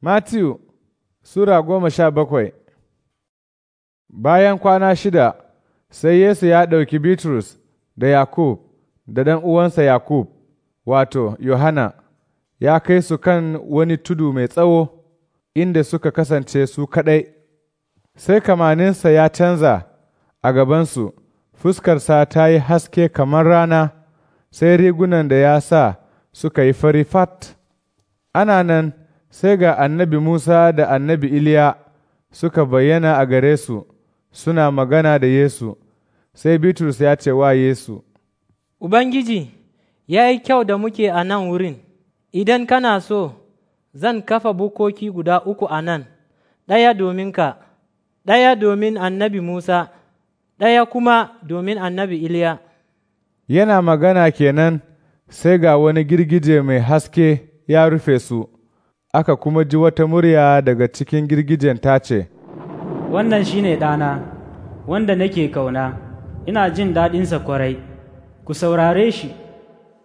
Matthew Sura goma sha bakwai Bayan kwana shida, sai Yesu ya ɗauki Bitrus da Yakub da ɗan uwansa Yakub, wato, Yohana, ya kai su kan wani tudu mai tsawo inda suka kasance su kaɗai. Sai kamaninsa ya canza a gabansu, fuskarsa ta yi haske kamar rana, sai rigunan da ya sa suka yi fari fat. Ana nan, sai ga annabi Musa da annabi Iliya suka bayyana a gare su suna magana da Yesu, sai Bitrus ya ce wa Yesu, Ubangiji, ya yi kyau da muke a nan wurin, idan kana so, zan kafa bukoki guda uku a nan, ɗaya domin ka, ɗaya domin annabi Musa, ɗaya kuma domin annabi Iliya. Yana magana kenan sai ga wani girgije mai haske ya rufe su. aka kuma ji wata murya daga cikin girgijen ta ce, Wannan shi ne ɗana, wanda nake kauna, ina jin daɗinsa kwarai, ku saurare shi.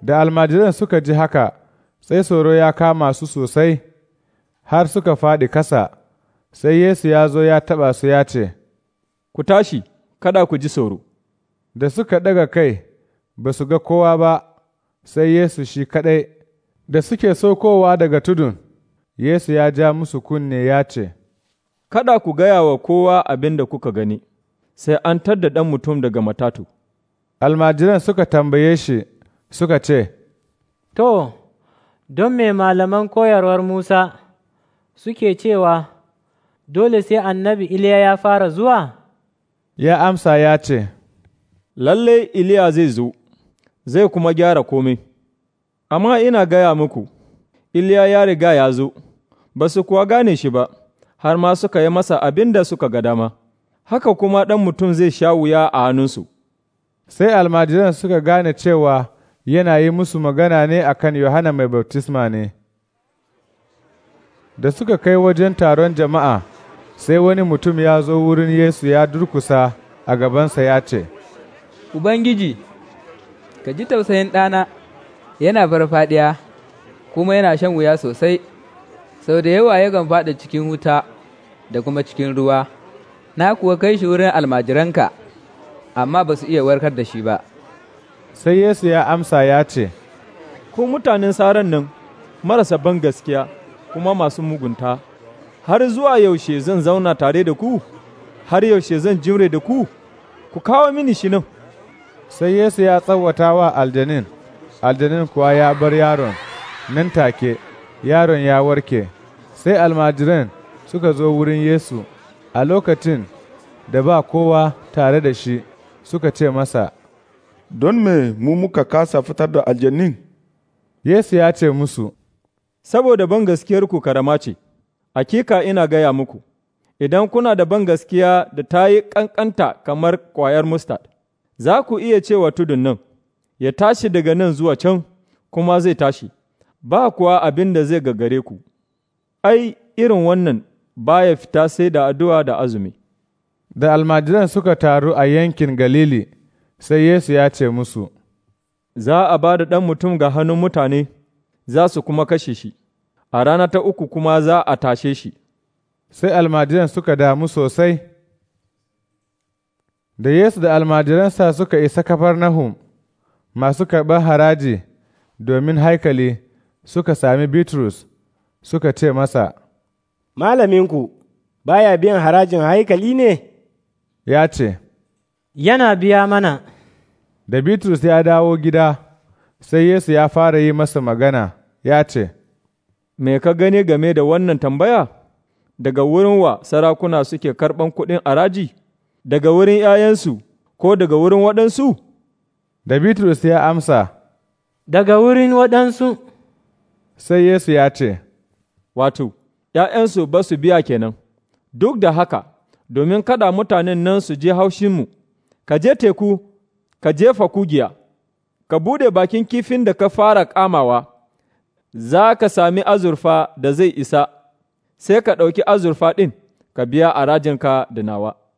Da almajiran suka ji haka, sai tsoro ya kama su sosai, har suka faɗi kasa, sai Yesu ya zo ya taɓa su ya ce, Ku tashi, kada ku ji tsoro. Da suka ɗaga kai, ba su ga kowa ba, sai Yesu shi kaɗai, da suke saukowa daga tudun. Yesu ya ja musu kunne ya ce, Kada ku gaya wa kowa abin da kuka gani, sai an tadda ɗan mutum daga matatu. Almajiran suka tambaye shi suka ce, To, don me malaman koyarwar Musa suke cewa, Dole sai annabi Iliya ya fara zuwa? Ya amsa ya ce, Lalle Iliya zai zo, zai kuma gyara komai, amma ina gaya muku, Iliya ya riga ya zo. ba su kuwa gane shi ba, har ma suka yi masa abin da suka ga dama, haka kuma ɗan mutum zai sha wuya a hannunsu. Sai almajiran suka gane cewa yana yi musu magana ne a kan Yohana mai baftisma ne. Da suka kai wajen taron jama'a, sai wani mutum ya zo wurin Yesu ya durkusa a gabansa ya ce, Ubangiji, ka ji tausayin ɗana, yana farfaɗiya, kuma yana shan wuya sosai. sau da yawa yakan faɗa cikin wuta da kuma cikin ruwa na kuwa kai shi wurin almajiranka amma ba su iya warkar da shi ba sai yesu ya amsa ya ce ku mutanen saran nan marasa ban gaskiya kuma masu mugunta har zuwa yaushe zan zauna tare da ku har yaushe zan jimre da ku ku kawo mini shi nan sai yesu ya tsawata wa aljanin aljanin kuwa ya bar yaron nan take yaron ya warke sai almajiran suka zo wurin Yesu a lokacin da ba kowa tare da shi suka ce masa, Don me mu muka kasa fitar da aljannin? Yesu ya ce musu, Saboda ban ku karama ce, akika ina gaya muku, idan kuna da ban gaskiya da ta yi ƙanƙanta kamar ƙwayar mustard, za ku iya cewa tudun nan, ya tashi daga nan zuwa can, kuma zai tashi, ba kuwa abin da zai gagare ku. ai, irin wannan baya fita sai da addu'a da azumi. Da almajiran suka taru a yankin Galili, sai Yesu ya ce musu, Za a ba da ɗan mutum ga hannun mutane, za su kuma kashe shi, a rana ta uku kuma za a tashe shi. Sai almajiran suka damu sosai. Da Yesu da almajiransa suka isa kafar Nahum, masu karɓar haraji domin haikali suka sami Bitrus suka ce masa, Malaminku baya biyan harajin haikali ne? Ya ce, Yana biya mana. Da Bitrus ya dawo gida, sai Yesu ya fara yi masa magana, ya ce, Me ka gane game da wannan tambaya? Daga wurin wa sarakuna suke karɓan kuɗin araji? Daga wurin ’ya'yansu ko daga wurin waɗansu? Da Bitrus ya amsa, Daga wurin waɗansu. Sai Yesu ya ce, wato, ’ya'yansu ba su biya kenan, duk da haka, domin kada mutanen nan su je haushinmu, ka je teku, ka jefa kugiya, ka bude bakin kifin da ka fara kamawa, za ka sami azurfa da zai isa, sai ka ɗauki azurfa ɗin, ka biya a rajinka da nawa.